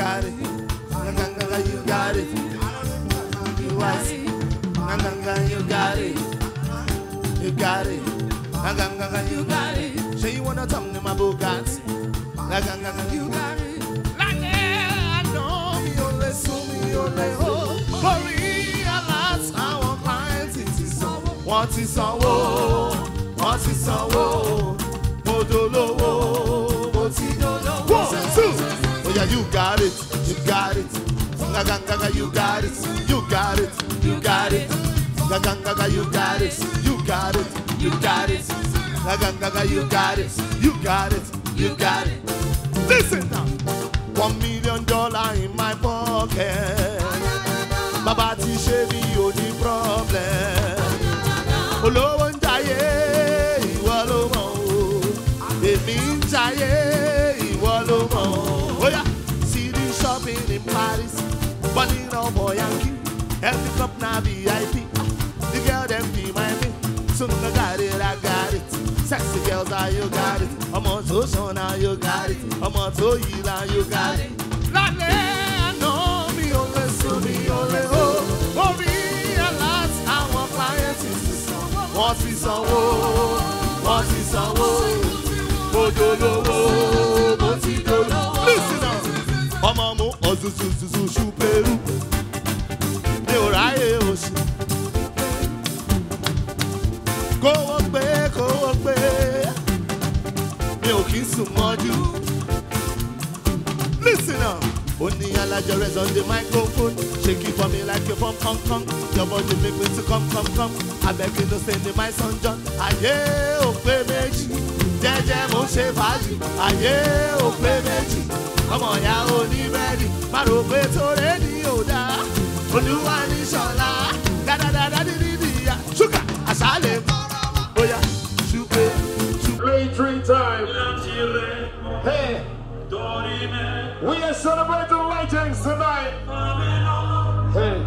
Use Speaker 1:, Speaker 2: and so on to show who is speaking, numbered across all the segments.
Speaker 1: got it. Nganga, you got it. You was. Nganga, you got it. You got it. Nganga, you got it. Say you wanna talk to my Bugatti. Nganga, you got it. Like I know me only, so me only. Oh, glory, alas, how I'm blind. It is so. What is our What is so? Ganga you got it, you got it, you got it. Ganga you got it, you got it, you got it. Ganga you got it, you got it, you got it. Listen now. One million dollar in my pocket. Baba T shaving. But you boy, and am Every cup now VIP. The girl them be my thing. Soon I got it, I got it. Sexy girls, are you got it. I'm on social, now you got it. I'm on to you, now you got it. Lovely. ṣùṣùṣùṣù pẹ̀lú mi ò ráyè òṣì. kówó pé kówó pé mi ò kí ń sùn mọ́jú. listen up. Only a larger raise on the microphone. Shake it for me like you from Hong Kong. Your body make me to come, come, come. I beg to send me my son John. Ayé ò pé méjì, jẹ́jẹ́ mo ṣe fàájì. Ayé ò pé méjì, ọmọ ìyá oníbẹ̀. three times. Hey. We are celebrating legends tonight. Hey.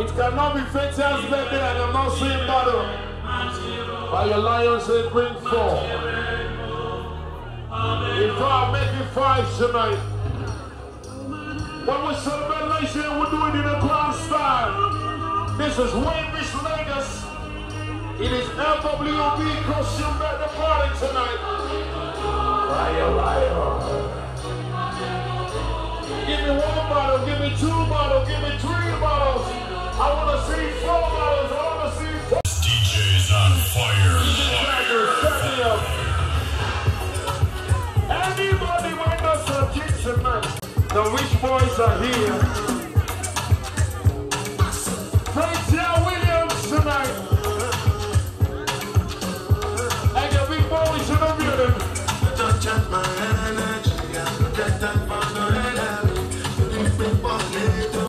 Speaker 1: It cannot be Fetia's birthday and I'm not saying battle. Oh. By your lions, they bring forth. 95 tonight. When we celebrate Nation and we're doing it in a grand style. This is Wayne Miss Lagos. It is FWB Costume at the party tonight. The rich boys are here.